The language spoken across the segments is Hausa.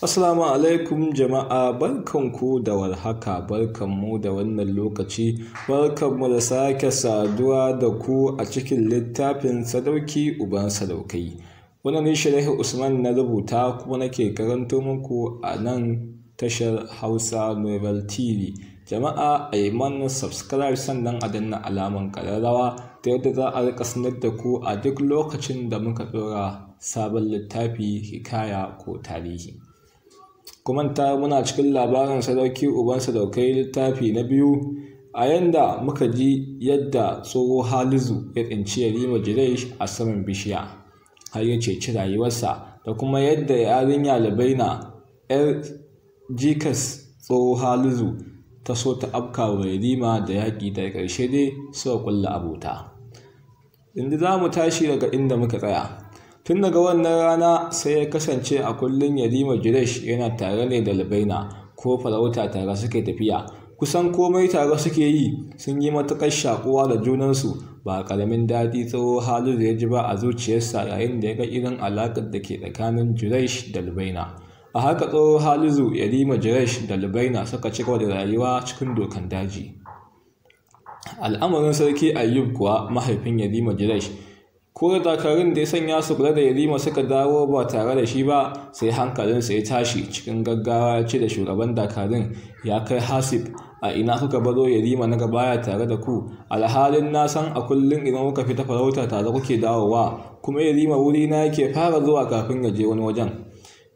Assalamu alaikum jama'a ku da warhaka mu da wannan lokaci mu da sake saduwa da ku a cikin littafin sadauki uban sadaukai wani ne shirahi usman na rubuta kuma nake karanto muku a nan tashar hausa novel tv jama'a a yi mana subscribe sannan a danna alaman kararrawa ta yadda za a rika sanar da ku a duk lokacin da muka ɗora sabon littafi hikaya ko tarihi kuma ta muna cikin labarin sadauki uban sadaukai littafi na biyu a yanda muka ji yadda tsoho halizu ya tsinci yarima jiresh a saman bishiya har ya ceci rayuwarsa da kuma yadda yarinya na yar jikas tsoho halizu ta so ta afka wa yarima da yaƙi da ƙarshe dai suka kulla abota inda za mu tashi daga inda muka tsaya tun daga wannan rana sai ya kasance a kullum yarima Jiresh yana tare ne da Labaina ko farauta tare suke tafiya kusan komai tare suke yi sun yi matuƙar shakuwa da junansu ba ƙaramin daɗi tsawo halin da ya ji ba a zuciyarsa yayin da ya ga irin alaƙar da ke tsakanin Jiresh da Labaina. a haka tsawo halizu yarima jiresh da lubaina suka ci da rayuwa cikin dokan daji al'amarin sarki ayyub kuwa mahaifin yarima jiresh ko da dakarun da ya sanya su kula da yalima suka dawo ba tare da shi ba sai hankalinsa ya tashi cikin gaggawa ya ce da shugaban dakarun ya kai hasib a ina kuka bazo yalima na gabaya tare da ku alhalin na san a kullum idan kuka fita farauta tare kuke dawowa kuma yalima wuri na yake fara zuwa kafin ya je wani wajen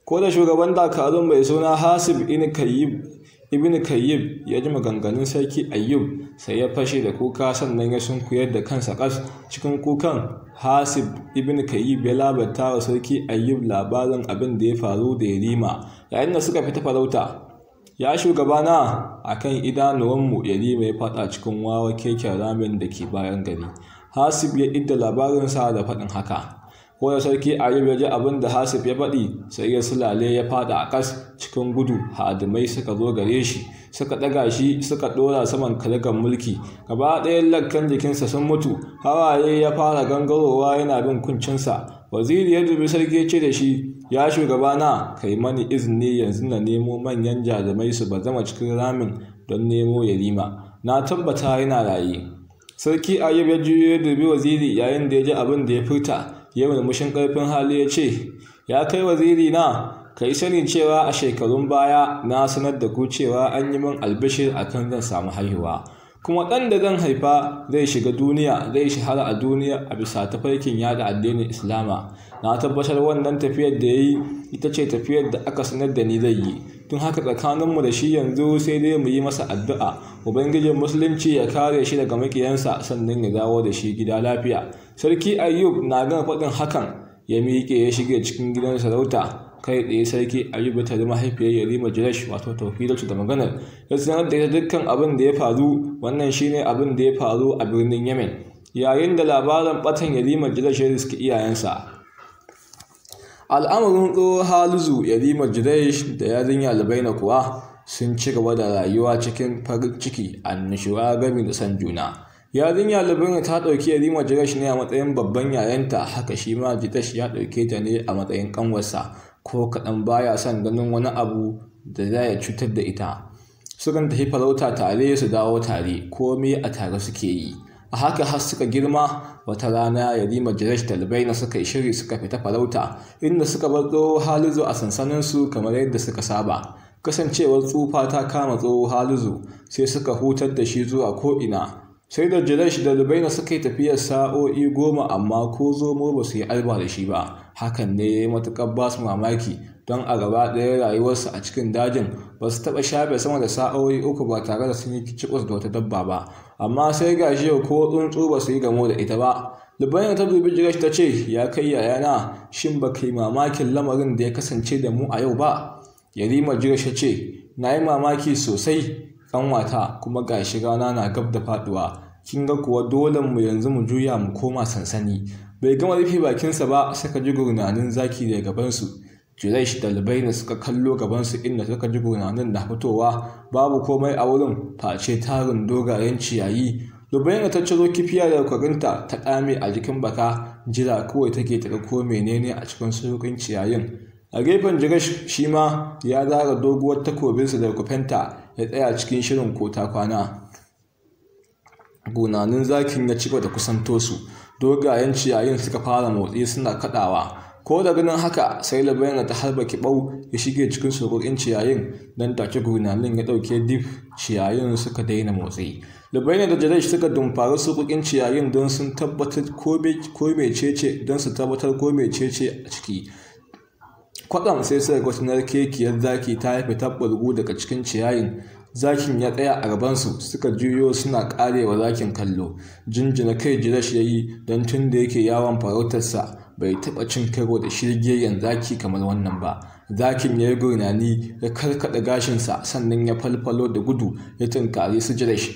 ko da shugaban dakarun mai suna hasib in kayib ibn kayyib ya ji maganganun sarki ayyub sai ya fashe da kuka sannan ya sunkuyar da kansa kas cikin kukan hasib ibn kayyib ya labarta wa sarki ayyub labarin abin da ya faru da yarima yayin da suka fita farauta ya shugabana a kan idanuwanmu yarima ya faɗa cikin wawa keken ramin da ke bayan gari hasib ya idda labarinsa da faɗin haka ko da sarki ayub ya ji abin da hasif ya faɗi sai ya sulale ya faɗa a ƙas cikin gudu hadimai suka zo gare shi suka ɗaga shi suka ɗora saman kalgan mulki gaba ɗaya lakkan jikinsa sun mutu hawaye ya fara gangarowa yana bin kuncinsa waziri ya dubi sarki ce da shi ya na kai mani izini yanzu na nemo manyan jarumai su ba zama cikin ramin don nemo yarima na tabbata yana raye sarki ayub ya juyo ya dubi waziri yayin da ya ji abin da ya furta ya murmushin ƙarfin hali ya ce ya kai waziri na ka yi sanin cewa a shekarun baya na sanar da ku cewa an yi min albishir akan zan samu haihuwa kuma ɗan da zan haifa zai shiga duniya zai shahara a duniya a bisa tafarkin yada addinin islama na tabbatar wannan tafiyar da ya yi ita ce tafiyar da aka sanar da ni zai yi Tun haka tsakaninmu da shi yanzu sai dai mu yi masa addu'a ubangijin musulunci ya kare shi daga makiyansa sannan ya dawo da shi gida lafiya sarki ayyub na gama faɗin hakan ya miƙe ya shige cikin gidan sarauta kai tsaye sarki ayyub ta zama mahaifiyar Yalima jiresh wato tawfidatu da maganar ya sanar da ita dukkan abin da ya faru wannan shine abin da ya faru a birnin yemen yayin da labarin batan Yalima jiresh ya riski iyayensa al'amarin tsoro haluzu yarima majidaish da yarinya na kuwa sun ci gaba da rayuwa cikin farin ciki annashuwa gami da san juna yarinya labaina ta ɗauki yarima majidaish ne a matsayin babban yayanta haka shi ma jidaish ya ɗauke ta ne a matsayin kanwarsa ko kaɗan baya son ganin wani abu da za ya cutar da ita sukan tafi farauta tare su dawo tare komai a tare suke yi a haka har suka girma wata rana ya yarima jirash talibai na suka shiri suka fita farauta inda suka bar tsoho halizu a sansaninsu kamar yadda suka saba kasancewar tsufa ta kama tsoho halizu sai suka hutar da shi zuwa ko'ina sai da jiresh da lubaina suka yi tafiyar sa'o'i goma amma ko zomo ba su yi alba da shi ba hakan ne matuƙar ba mamaki don a gaba ɗaya rayuwarsu a cikin dajin ba su taɓa shafe sama da sa'o'i uku ba tare da sun yi cikus da wata dabba ba amma sai ga yau ko tsuntsu ba su yi gamo da ita ba Lubaina ta dubi jirage ta ce ya kai yayana shin ba ka yi mamakin lamarin da ya kasance da mu a yau ba Yarima ta ce na yi mamaki sosai kanwata kuma ga shi rana na gab da faduwa kin ga kuwa dole mu yanzu mu juya mu koma sansani bai gama rufe bakinsa ba saka ji gurnanin zaki daga gabansu Quraysh da Lubaina suka kallo gabansu inda suka ji gunanin na fitowa babu komai a wurin face tarin dogayen ciyayi na ta ciro kifiya da kwarinta ta ƙame a jikin baka jira kawai take ta ko menene a cikin surukin ciyayin a gefen jirash shi ma ya zara doguwar takobinsa da kufenta ya tsaya cikin shirin kota kwana gunanin zakin ya ci da kusanto su dogayen ciyayin suka fara motsi suna kaɗawa ko da ganin haka sai labaina ta harba kibau ya shige cikin sokokin ciyayin don take gurnanin ya dauke dif ciyayin suka daina motsi labaina da jaresh suka dumfari sokokin ciyayin don sun tabbatar ko cece don su tabbatar ko cece a ciki kwatsam sai suka ga kekiyar zaki ta haifi tabbargu daga cikin ciyayin zakin ya tsaya a gabansu suka juyo suna karewa zakin kallo jinjina kai jirash ya yi don tun da yake yawon farautarsa bai taɓa cin karo da shirgegen zaki kamar wannan ba zakin ya yi gurnani ya karkaɗa gashinsa sannan ya falfalo da gudu ya tunkari su jirash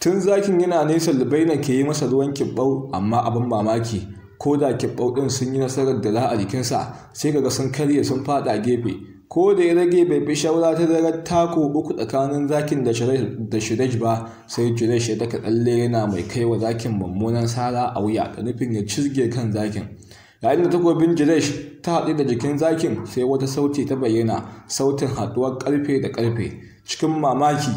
tun zakin yana nesa lubaina ke yi masa ruwan kibbau amma abin mamaki ko da kibbau ɗin sun yi nasarar da za a jikinsa sai kaga sun karye sun fada gefe ko da ya rage bai fi shawara ta darar tako uku tsakanin zakin da shirej ba sai jiresh ya daka tsalle yana mai kaiwa zakin mummunan sara a wuya da nufin ya cizge kan zakin yayin da takobin jiresh ta haɗu da jikin zakin sai wata sauti ta bayyana sautin haɗuwar ƙarfe da ƙarfe cikin mamaki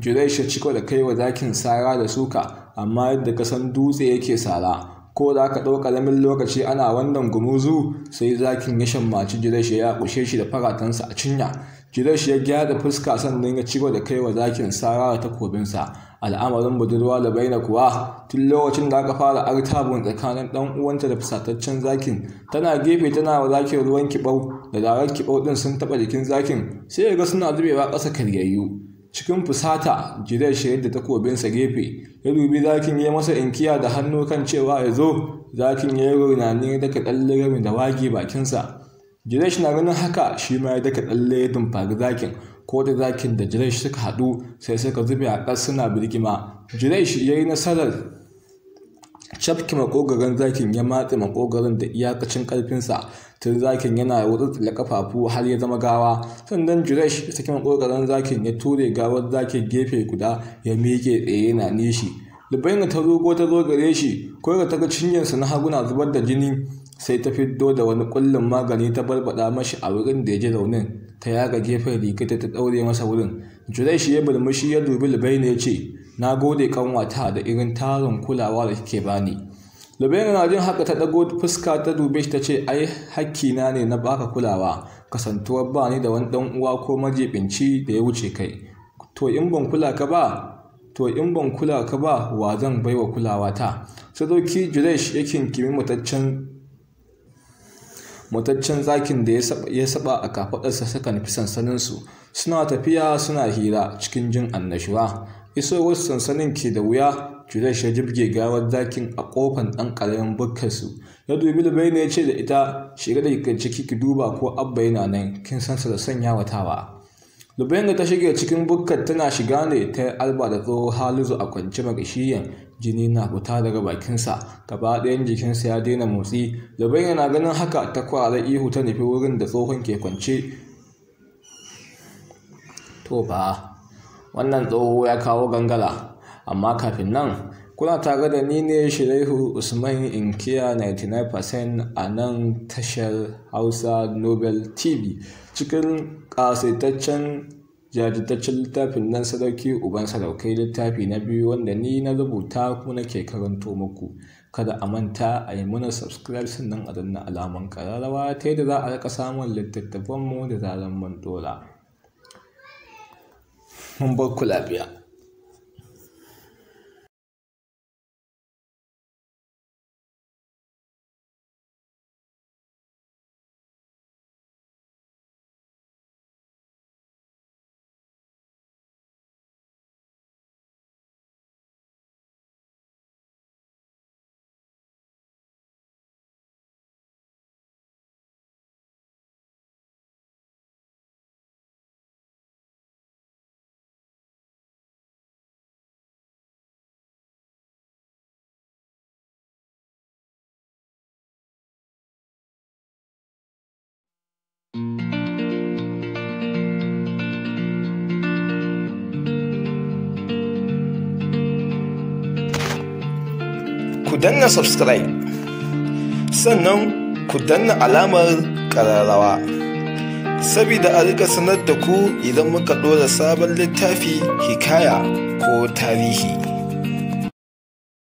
jiresh ya ciko da kaiwa zakin sara da suka amma yadda kasan dutse yake sara ko da aka ɗau ƙaramin lokaci ana wannan gumuzu sai zakin ya shammaci jiresh ya kushe shi da faratansa a cinya jiresh ya gyara fuska sannan ya ciko da kaiwa zakin sara da takobinsa al'amarin budurwa da baina kuwa tun lokacin da aka fara artabun tsakanin dan uwanta da fusataccen zakin tana gefe tana wa zakin ruwan kibau da daren kibau din sun taba jikin zakin sai ya ga suna zubewa ƙasa karyayyu cikin fusata jirai shayar da takobinsa gefe ya dubi zakin ya masa inkiya da hannu kan cewa ya zo zakin ya yi runani ya daka ɗalle rami da wage bakinsa jirai na ganin haka shi ma ya daka tsalle ya dumfari zakin ko da zakin da Jiresh suka haɗu sai suka zube a ƙas suna birgima jiraish ya yi nasarar cafke makogarin zakin ya matse makogarin da iyakacin ƙarfinsa tun zakin yana wurtsula kafafu har ya zama gawa sannan Jiresh ya saki makogarin zakin ya ture gawar zakin gefe guda ya miƙe tsaye yana nishi Lubaina ta ko ta zo gare shi ko ta ga cinyarsa na haguna zubar da jini sai ta fiddo da wani kullum magani ta barbada mashi a wurin da ya ji raunin ta yaga gefen rikita ta ɗaure masa wurin shi ya burmushi ya dubi lubaina ya ce na gode kanwata da irin tarin kulawa da kike bani lubaina na jin haka ta ɗago fuska ta dube shi ta ce ai hakkina ne na baka kulawa kasantuwar ba ni da wani ɗan uwa ko majibinci da ya wuce kai to in ban kula ka ba to in ban kula ka ba wa zan baiwa kulawa ta sadauki shi ya kimi mataccen mataccen zakin da ya saba a kafaɗarsa suka nufi sansaninsu suna tafiya suna hira cikin jin annashuwa wasu sansanin ke da wuya Juresh ya jibge gawar zakin a kofan ɗan ƙaramin bukkarsu ya dubi Lubaina ya ce da ita shiga da ciki ki duba ko abba yana nan kin sansa da sanya watawa Lubenga ta shige cikin bukkar tana shiga ne ta alba da tsoho halizu a kwance magashiyan jini na fita daga bakinsa gaba ɗayan jikinsa ya daina motsi Lubenga na ganin haka ta kwara ihu ta nufi wurin da tsohon ke kwance to ba wannan tsoho ya kawo gangala amma kafin nan Kuna tare da ni ne Shiraihu Usman Inkiya 99% a nan tashar Hausa Nobel TV cikin ƙasaitaccen jajitaccen littafin nan sadauki uban sadaukai littafi na biyu wanda ni na rubuta kuma nake karanto maku Kada a manta a yi mana subscribe sannan a danna alaman kararrawa ta da za a rika samun littattafanmu da zaran mun dora. Mun bar ku lafiya. ku danna subscribe sannan ku danna alamar kararrawa saboda a rika sanar da ku idan muka ɗora sabon littafi hikaya ko tarihi